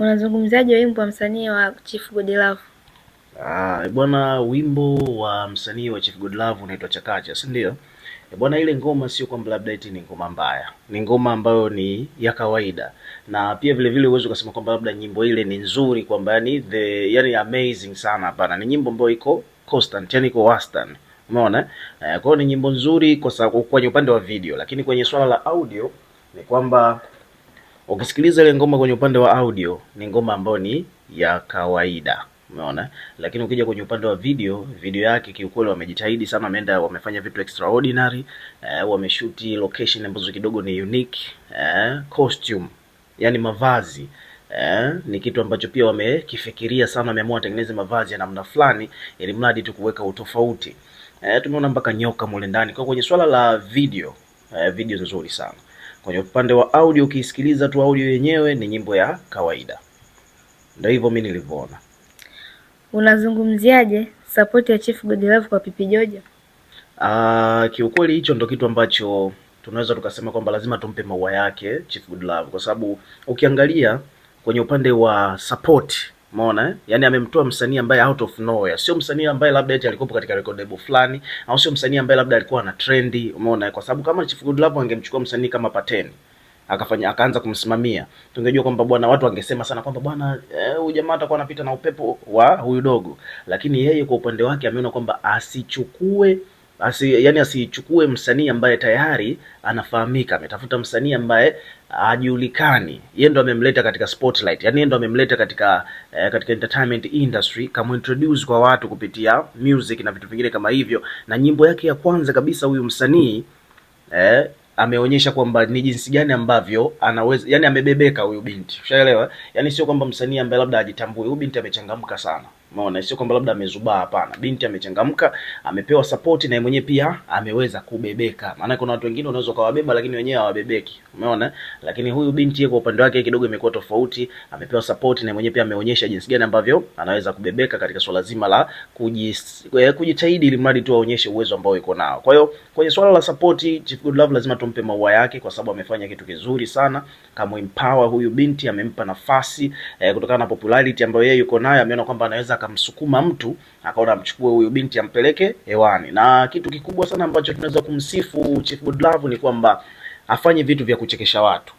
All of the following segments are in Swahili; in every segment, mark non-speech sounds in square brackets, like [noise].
Unazungumzaje wimbo wa msanii wa Chief Godlove? Ah, eh bwana wimbo wa msanii wa Chief Godlove unaitwa Chakacha, si ndio? Eh bwana, ile ngoma sio kwamba labda eti ni ngoma mbaya, ni ngoma ambayo ni ya kawaida, na pia vile vile uwezo ukasema kwamba labda nyimbo ile ni nzuri kwamba yani the yani amazing sana. Hapana, ni nyimbo ambayo iko constant, yani iko wastani, umeona eh? Kwa hiyo ni nyimbo nzuri kwa sababu kwenye upande wa video, lakini kwenye swala la audio ni kwamba Ukisikiliza ile ngoma kwenye upande wa audio ni ngoma ambayo ni ya kawaida, umeona. Lakini ukija kwenye upande wa video, video yake kiukweli wamejitahidi sana, wameenda wamefanya vitu extraordinary eh, wameshuti location ambazo kidogo ni unique eh, costume, yani mavazi Eh, ni kitu ambacho pia wamekifikiria sana, wameamua watengeneze mavazi ya namna fulani ili mradi tu kuweka utofauti. Eh, tumeona mpaka nyoka mule ndani. Kwa kwenye swala la video eh, video nzuri sana. Kwenye upande wa audio, ukiisikiliza tu audio yenyewe ni nyimbo ya kawaida. Ndio hivyo mimi nilivyoona. Unazungumziaje support ya Chief Godlove kwa Pipi Joja? Ah, kiukweli hicho ndo kitu ambacho tunaweza tukasema kwamba lazima tumpe maua yake Chief Godlove, kwa sababu ukiangalia kwenye upande wa support Umeona eh? Yaani amemtoa msanii ambaye out of nowhere. Sio msanii ambaye labda eti alikuwa katika record label fulani au sio msanii ambaye labda alikuwa ana trendy, umeona? Eh? Kwa sababu kama Chief Godlove angemchukua msanii kama Pateni akafanya akaanza kumsimamia, tungejua kwamba bwana, watu wangesema sana kwamba bwana eh, huyu eh, jamaa atakuwa anapita na upepo wa huyu dogo. Lakini yeye kwa upande wake ameona kwamba asichukue asi, yani asichukue msanii ambaye tayari anafahamika. Ametafuta msanii ambaye hajulikani, yeye ndo amemleta katika spotlight, yani yeye ndo amemleta katika eh, katika entertainment industry, kama introduce kwa watu kupitia music na vitu vingine kama hivyo. Na nyimbo yake ya kwanza kabisa huyu msanii eh, ameonyesha kwamba ni jinsi gani ambavyo anaweza, yani amebebeka huyu binti, ushaelewa? Yani sio kwamba msanii ambaye labda ajitambue, huyu binti amechangamka sana. Umeona, sio kwamba labda amezubaa, hapana. Binti amechangamka, amepewa support na mwenyewe pia ameweza kubebeka. Maana kuna watu wengine unaweza kawabeba lakini wenyewe hawabebeki, umeona. Lakini huyu binti kwa upande wake kidogo imekuwa tofauti, amepewa support na mwenyewe pia ameonyesha jinsi gani ambavyo anaweza kubebeka katika swala zima la eh, kujitahidi, ili mradi tu aonyeshe uwezo ambao yuko nao. Kwa hiyo kwenye swala la support, Chief Godlove lazima tumpe maua yake, kwa sababu amefanya kitu kizuri sana kama empower huyu binti, amempa nafasi eh, kutokana na popularity ambayo yeye yuko nayo, ameona kwamba anaweza akamsukuma mtu akaona amchukue huyu binti ampeleke hewani. Na kitu kikubwa sana ambacho tunaweza kumsifu Chief Godlove ni kwamba afanye vitu vya kuchekesha watu,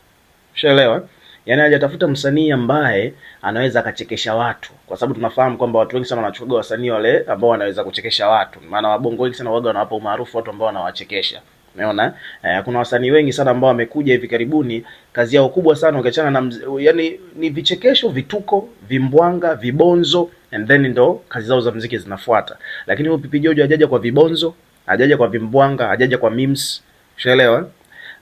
ushaelewa? yani hajatafuta msanii ambaye anaweza akachekesha watu, kwa sababu tunafahamu kwamba watu wengi sana wanachukua wasanii wale ambao wanaweza kuchekesha watu, maana wabongo wengi sana waga wanawapa umaarufu watu ambao wanawachekesha. Umeona eh, kuna wasanii wengi sana ambao wamekuja hivi karibuni, kazi yao kubwa sana ukiachana na yani ni vichekesho, vituko, vimbwanga, vibonzo and then ndo kazi zao za muziki zinafuata. Lakini huyu Pipi Jojo ajaja kwa vibonzo, ajaja kwa vimbwanga, ajaja kwa memes, ushaelewa?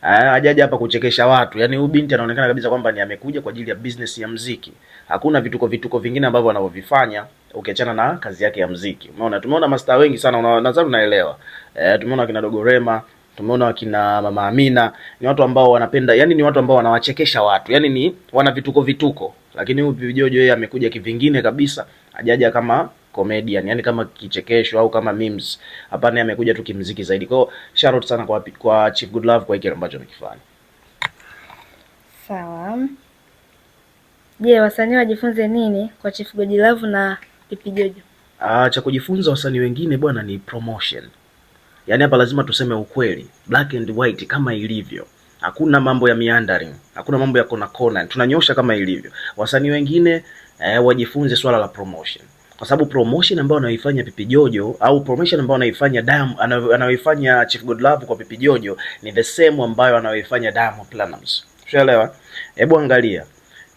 Eh, ajaja hapa kuchekesha watu. Yaani huyu binti anaonekana kabisa kwamba ni amekuja kwa ajili ya business ya muziki. Hakuna vituko vituko vingine ambavyo anavyovifanya ukiachana na kazi yake ya muziki. Umeona? Tumeona masta wengi sana, nadhani unaelewa. Eh, tumeona kina dogorema tumeona wakina Mama Amina ni watu ambao wanapenda, yani ni watu ambao wanawachekesha watu, yani ni wana vituko vituko, lakini huyu Pipi Jojo yeye amekuja kivingine kabisa, ajaja kama comedian, yani kama kichekesho au kama memes. Hapana, amekuja tu kimziki zaidi. Kwa shout out sana kwa kwa Chief Good Love kwa kile ambacho amekifanya. Sawa. Je, wasanii wajifunze nini kwa Chief Good Love na Pipi Jojo? Ah, cha kujifunza wasanii wengine bwana ni promotion Yaani hapa lazima tuseme ukweli, black and white kama ilivyo. Hakuna mambo ya meandering, hakuna mambo ya kona kona, tunanyosha kama ilivyo. Wasanii wengine eh, wajifunze swala la promotion, kwa sababu promotion ambayo anaifanya Pipi Jojo au promotion ambayo anaifanya Dam anayoifanya Chief Godlove kwa Pipi Jojo ni the same ambayo anayoifanya Diamond Platnumz. Ushaelewa? Hebu angalia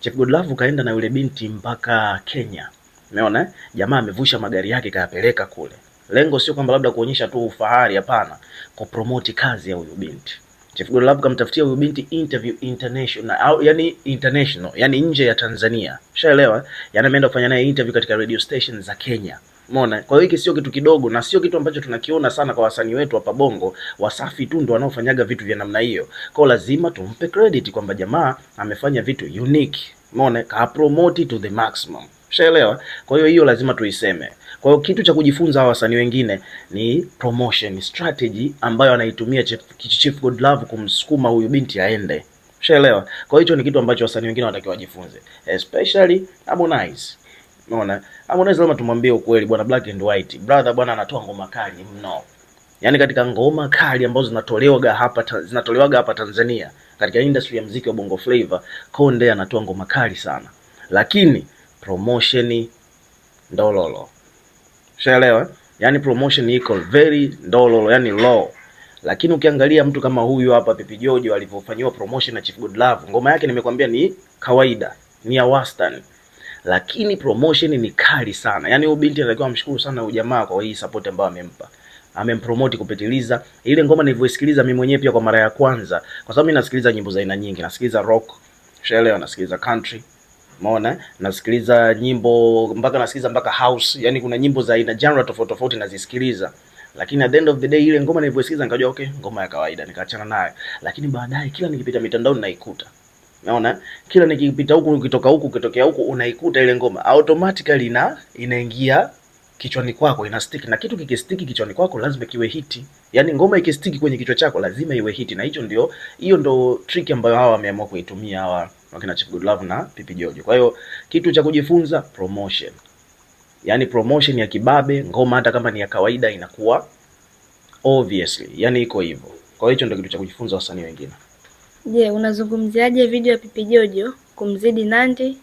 Chief Godlove kaenda na yule binti mpaka Kenya, umeona jamaa amevusha magari yake kayapeleka kule Lengo sio kwamba labda kuonyesha tu ufahari, hapana, kwa promote kazi ya huyu binti. Chief Godolove labda kamtafutia huyu binti interview international au yani international, yani nje ya Tanzania. Ushaelewa? Yaani ameenda kufanya naye interview katika radio station za Kenya. Umeona? Kwa hiyo hiki sio kitu kidogo na sio kitu ambacho tunakiona sana kwa wasanii wetu hapa Bongo. Wasafi tu ndio wanaofanyaga vitu vya namna hiyo. Kwa lazima tumpe credit kwamba jamaa amefanya vitu unique. Umeona? Ka promote to the maximum. Ushaelewa? Kwa hiyo hiyo lazima tuiseme. Kwa hiyo kitu cha kujifunza hawa wasanii wengine ni promotion strategy ambayo anaitumia Chief, Chief Godlove kumsukuma huyu binti aende. Ushaelewa? Kwa hiyo hicho ni kitu ambacho wasanii wengine wanatakiwa wajifunze, especially Harmonize. Unaona? Harmonize lazima tumwambie ukweli bwana, Black and White. Brother bwana anatoa ngoma kali mno. Yaani katika ngoma kali ambazo zinatolewaga hapa zinatolewaga hapa Tanzania katika industry ya muziki wa Bongo Flava, Konde anatoa ngoma kali sana. Lakini promotion ndololo. Ushaelewa? Eh? Yaani promotion iko very ndololo, yani low. Lakini ukiangalia mtu kama huyu hapa Pipi George alivyofanyiwa promotion na Chief Good Love, ngoma yake nimekwambia ni kawaida, ni ya wastani. Lakini promotion ni kali sana. Yaani huyu binti anatakiwa amshukuru sana huyu jamaa kwa hii support ambayo amempa. Amempromote kupitiliza. Ile ngoma nilivyosikiliza mimi mwenyewe pia kwa mara ya kwanza, kwa sababu mimi nasikiliza nyimbo za aina nyingi, nasikiliza rock, ushaelewa, nasikiliza country, Umeona? Nasikiliza nyimbo mpaka nasikiliza mpaka house, yani kuna nyimbo za aina genre tofauti tofauti nazisikiliza. Lakini at the end of the day ile ngoma nilivyosikiliza nikajua okay, ngoma ya kawaida nikaachana nayo. Lakini baadaye kila nikipita mitandao naikuta. Unaona? Kila nikipita huku nikitoka huku kitokea huku unaikuta ile ngoma automatically ina inaingia kichwani kwako ina stick, na kitu kikistiki kichwani kwako lazima kiwe hiti. Yani ngoma ikistiki kwenye kichwa chako lazima iwe hiti, na hicho ndio, hiyo ndio trick ambayo hawa wameamua kuitumia hawa wakina Chief Godlove na Pipi Jojo. Kwa hiyo kitu cha kujifunza promotion, yani promotion ya kibabe ngoma, hata kama ni ya kawaida inakuwa obviously, yani iko hivyo. Kwa hiyo hicho ndio kitu cha kujifunza wasanii wengine. Je, yeah, unazungumziaje video ya Pipi Jojo kumzidi Nandy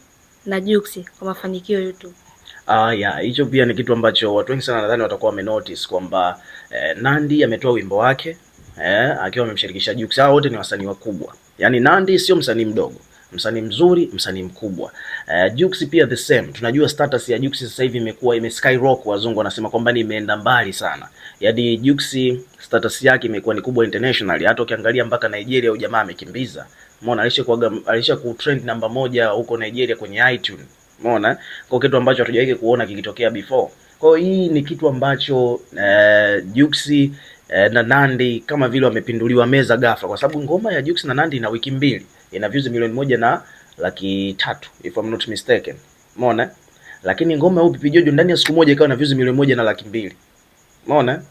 na Jux kwa mafanikio YouTube? Ah, ya hicho pia ni kitu ambacho watu wengi sana nadhani watakuwa wamenotice kwamba eh, Nandy ametoa wimbo wake eh, akiwa amemshirikisha Jux. Hao wote ni wasanii wakubwa, yaani Nandy sio msanii mdogo msanii mzuri, msanii mkubwa. Uh, Jux pia the same. Tunajua status ya Jux sasa hivi imekuwa ime skyrock, wazungu wanasema kwamba ni imeenda mbali sana. Yaani Jux status yake imekuwa ni kubwa internationally. Hata ukiangalia mpaka Nigeria huyo jamaa amekimbiza. Umeona alisha kuaga alisha ku trend namba moja huko Nigeria kwenye iTunes. Umeona? Kwa kitu ambacho hatujawahi kuona kikitokea before. Kwa hii ni kitu ambacho uh, Jux eh, na Nandi kama vile wamepinduliwa meza ghafla, kwa sababu ngoma ya Jux na Nandi ina wiki mbili ina views milioni moja na laki tatu if I'm not mistaken, umeona. Lakini ngoma ya Pipi Jojo ndani ya siku moja ikawa na views milioni moja na laki mbili, umeona.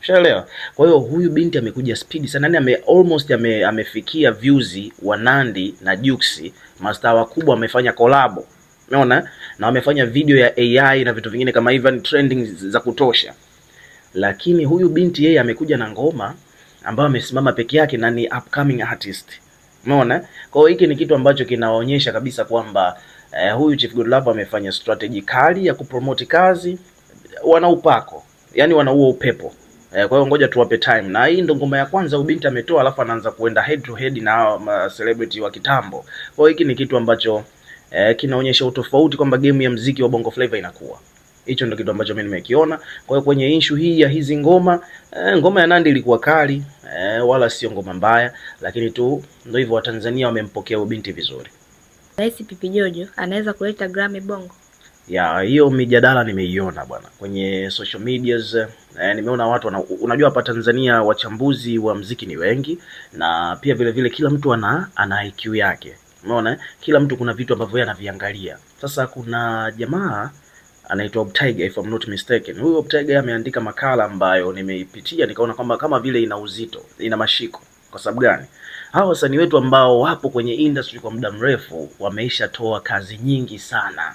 Ushaelewa? Kwa hiyo huyu binti amekuja speed sana, yani ame almost ame, amefikia views wa Nandi na Jux, mastaa wakubwa amefanya collab. umeona, na wamefanya video ya AI na vitu vingine kama hivyo, trending za kutosha. Lakini huyu binti yeye amekuja na ngoma ambayo amesimama peke yake na ni upcoming artist. Umeona? Kwa hiyo hiki ni kitu ambacho kinaonyesha kabisa kwamba eh, huyu Chief Godlove amefanya strategy kali ya kupromote kazi, wana upako yani huo upepo eh, kwa hiyo ngoja tuwape time, na hii ndo ngoma ya kwanza ubinti ametoa, alafu anaanza kuenda head to head na ma celebrity wa kitambo. Kwa hiyo hiki ni kitu ambacho eh, kinaonyesha utofauti kwamba game ya mziki wa Bongo Flava inakuwa Hicho ndio kitu ambacho mimi nimekiona. Kwa hiyo kwenye issue hii ya hizi ngoma eh, ngoma ya Nandy ilikuwa kali eh, wala sio ngoma mbaya, lakini tu ndio hivyo, Watanzania wamempokea ubinti vizuri. Rais Pipi Jojo anaweza kuleta Grammy Bongo ya hiyo mijadala nimeiona bwana kwenye social medias eh, nimeona watu wana, unajua hapa Tanzania wachambuzi wa mziki ni wengi, na pia vile vile kila mtu ana ana IQ yake, umeona eh? kila mtu kuna vitu ambavyo yanaviangalia. anaviangalia. Sasa kuna jamaa anaitwa Obtaiga if I'm not mistaken. Huyu Obtaiga ameandika makala ambayo nimeipitia nikaona kwamba kama vile ina uzito, ina mashiko. Kwa sababu gani? Hawa wasanii wetu ambao wapo kwenye industry kwa muda mrefu wameishatoa kazi nyingi sana,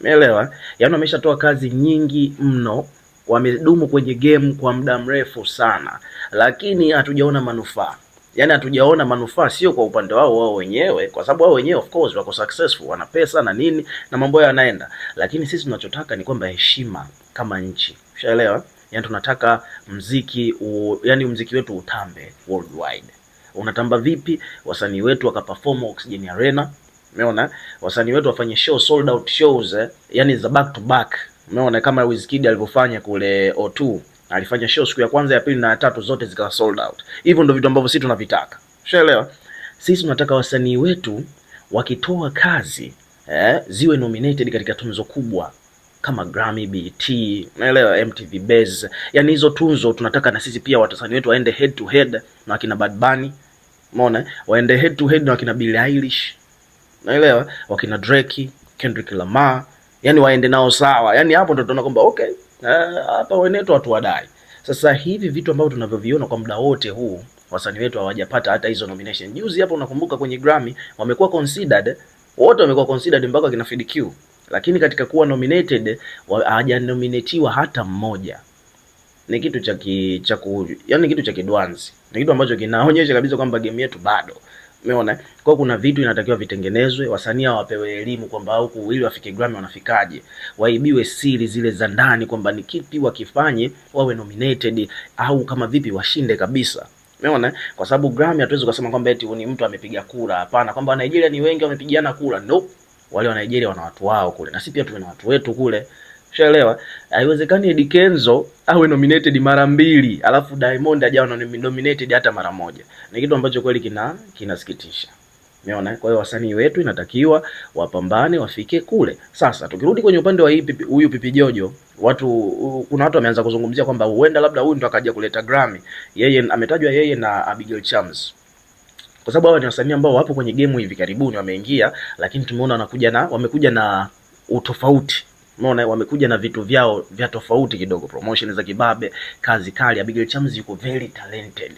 umeelewa? Yaani wameshatoa kazi nyingi mno, wamedumu kwenye game kwa muda mrefu sana, lakini hatujaona manufaa yani hatujaona manufaa, sio kwa upande wao wao wenyewe, kwa sababu wao wenyewe of course wako successful, wana pesa na nini na mambo yao yanaenda, lakini sisi tunachotaka ni kwamba heshima kama nchi, ushaelewa? Yani tunataka mziki u, yani mziki wetu utambe worldwide. Unatamba vipi? Wasanii wetu wakaperform Oxygen Arena, umeona? Wasanii wetu wafanye show sold out shows eh, yani za back to back, umeona? Kama Wizkid alivyofanya kule O2 alifanya show siku ya kwanza, ya pili na ya tatu, zote zikawa sold out. Hivyo ndio vitu ambavyo sisi tunavitaka, ushaelewa? Sisi tunataka wasanii wetu wakitoa kazi eh, ziwe nominated katika tunzo kubwa kama Grammy, BET, naelewa MTV Base, yani hizo tunzo tunataka na sisi pia watasanii wetu waende head to head na wakina Bad Bunny, umeona, waende head to head na wakina Billie Eilish, naelewa, wakina Drake, Kendrick Lamar, yani waende nao sawa, yani hapo ndo tunaona kwamba okay Eh, hata wenetu hatuwadai. Sasa hivi vitu ambavyo tunavyoviona kwa muda wote huu, wasanii wetu hawajapata hata hizo nomination. Juzi hapo, unakumbuka kwenye Grammy wamekuwa considered wote, wamekuwa considered mpaka kina Fid Q, lakini katika kuwa nominated hawajanominatiwa hata mmoja. Ni kitu cha ki, cha yani kitu cha kidwanzi, ni kitu ambacho kinaonyesha kabisa kwamba game yetu bado Umeona? Kwa kuna vitu inatakiwa vitengenezwe, wasanii wapewe elimu kwamba huku ili wafike Grammy wanafikaje. Waibiwe siri zile za ndani kwamba ni kipi wakifanye wawe nominated au kama vipi washinde kabisa. Umeona? Kwa sababu Grammy hatuwezi kusema kwamba eti ni mtu amepiga kura, hapana, kwamba Nigeria ni wengi wamepigiana kura. Nope. Wale wa Nigeria wana watu wao kule. Na sisi pia tuna watu wetu kule. Ushaelewa? Haiwezekani Eddy Kenzo awe nominated mara mbili alafu Diamond hajawa nominated hata mara moja. Ni kitu ambacho kweli kina kinasikitisha. Umeona? Kwa hiyo wasanii wetu inatakiwa wapambane wafike kule. Sasa tukirudi kwenye upande wa hii huyu Pipi Jojo, watu kuna watu wameanza kuzungumzia kwamba huenda labda huyu ndo akaja kuleta Grammy. Yeye ametajwa yeye na Abigail Chams. Kwa sababu hawa ni wasanii ambao wapo kwenye game hivi karibuni wameingia, lakini tumeona wanakuja na wamekuja na utofauti Unaona, wamekuja na vitu vyao vya tofauti kidogo, promotion za kibabe, kazi kali. Abigail Chams yuko very talented.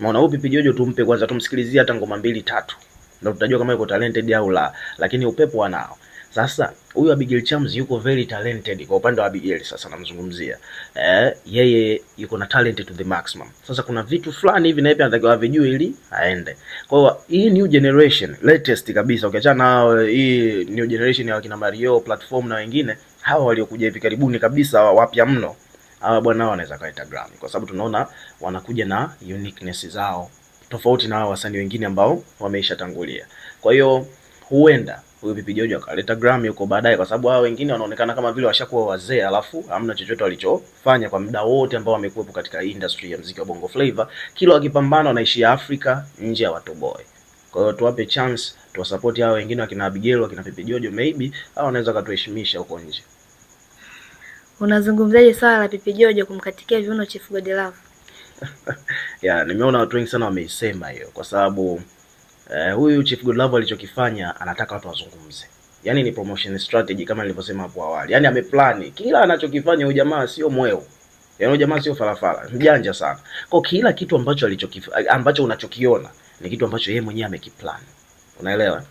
Unaona, upi pijojo, tumpe kwanza, tumsikilizie hata ngoma mbili tatu, ndio tutajua kama yuko talented au la, lakini upepo wanao. Sasa huyu Abigail Chams yuko very talented kwa upande wa Abigail, sasa namzungumzia eh, yeye yuko na talent to the maximum. Sasa kuna vitu fulani hivi na yeye anatakiwa avijue ili aende. Kwa hiyo hii new generation latest kabisa, ukiachana okay, na hii new generation ya wakina Mario platform na wengine hawa waliokuja hivi karibuni kabisa wapya mno hawa bwana, hawa wanaweza kaita Grammy kwa sababu tunaona wanakuja na uniqueness zao tofauti na hawa wasanii wengine ambao wameishatangulia. Kwa hiyo huenda huyu Pipi Jojo akaleta Grammy huko baadaye, kwa sababu hawa wengine wanaonekana kama vile washakuwa wazee, alafu hamna chochote walichofanya kwa muda wote ambao wamekuwepo katika industry ya muziki wa Bongo Flava. Kila wakipambana wanaishia Afrika, nje ya Watoboe. Kwa hiyo tuwape chance, tuwasapoti hawa wengine, wakina Abigail, wakina Pipi Jojo, maybe hawa wanaweza wakatuheshimisha huko nje. Unazungumzaje swala la Pipi Jojo kumkatikia viuno Chief Godlove? [laughs] Ya, nimeona watu wengi sana wameisema hiyo kwa sababu eh, huyu Chief Godlove alichokifanya anataka watu wazungumze. Yaani ni promotion strategy kama nilivyosema hapo awali. Yaani ameplani kila anachokifanya huyu jamaa sio mweo. Yaani huyu jamaa sio farafara, mjanja sana. Kwa kila kitu ambacho alichokifanya ambacho unachokiona ni kitu ambacho yeye mwenyewe amekiplan. Unaelewa?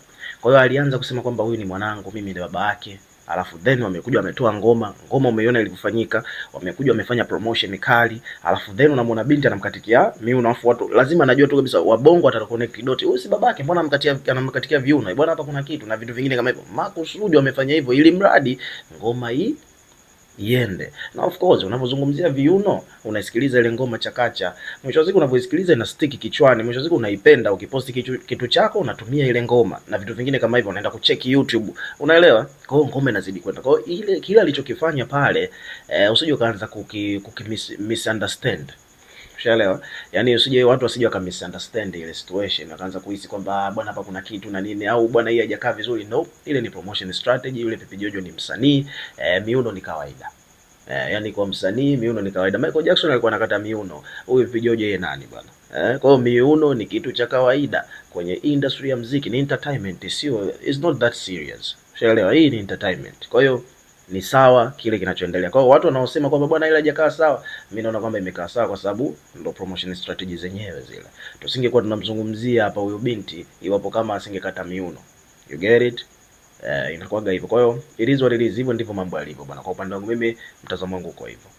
Kwa hiyo alianza kusema kwamba huyu ni mwanangu, mimi ni baba yake, alafu then wamekuja wametoa ngoma, ngoma umeiona ilivyofanyika, wamekuja wamefanya promotion kali, alafu then unamwona binti anamkatikia miuno, alafu watu lazima anajua tu kabisa wabongo watataconnect dot, huyu si babake, mbona anamkatia anamkatikia viuno bwana, hapa kuna kitu na vitu vingine kama hivyo. Makusudi wamefanya hivyo ili mradi ngoma hii iende. Na of course unapozungumzia viuno, unaisikiliza ile ngoma chakacha, mwisho wa siku unapoisikiliza ina stick kichwani, mwisho wa siku unaipenda. Ukiposti kitu, kitu chako unatumia ile ngoma na vitu vingine kama hivyo, unaenda kucheck YouTube, unaelewa. Kwa hiyo ngoma inazidi kwenda. Kwa hiyo ile kile alichokifanya pale, eh, usije ukaanza kuki, kuki misunderstand Ushaelewa? Yaani usije watu wasije waka misunderstand ile situation, wakaanza kuhisi kwamba ah, bwana, hapa kuna kitu na nini au bwana, hii haijakaa vizuri. No, ile ni promotion strategy. Yule Pepe Jojo ni msanii eh, miuno ni kawaida. Eh, yaani kwa msanii miuno ni kawaida. Michael Jackson alikuwa anakata miuno. Huyu Pepe Jojo yeye nani bwana? Eh, kwa miuno ni kitu cha kawaida kwenye industry ya muziki, ni entertainment, sio it's not that serious. Ushaelewa? Hii ni entertainment. Kwa hiyo ni sawa kile kinachoendelea. Kwa hiyo watu wanaosema kwamba bwana ile haijakaa sawa, mimi naona kwamba imekaa sawa, kwa sababu ndo promotion strategy zenyewe zile. Tusingekuwa tunamzungumzia hapa huyo binti iwapo kama asingekata miuno. You get it? Eh, inakuwa hivyo. Kwa hiyo it is what it is, hivyo ndivyo mambo yalivyo bwana. Kwa upande wangu mimi, mtazamo wangu uko hivyo.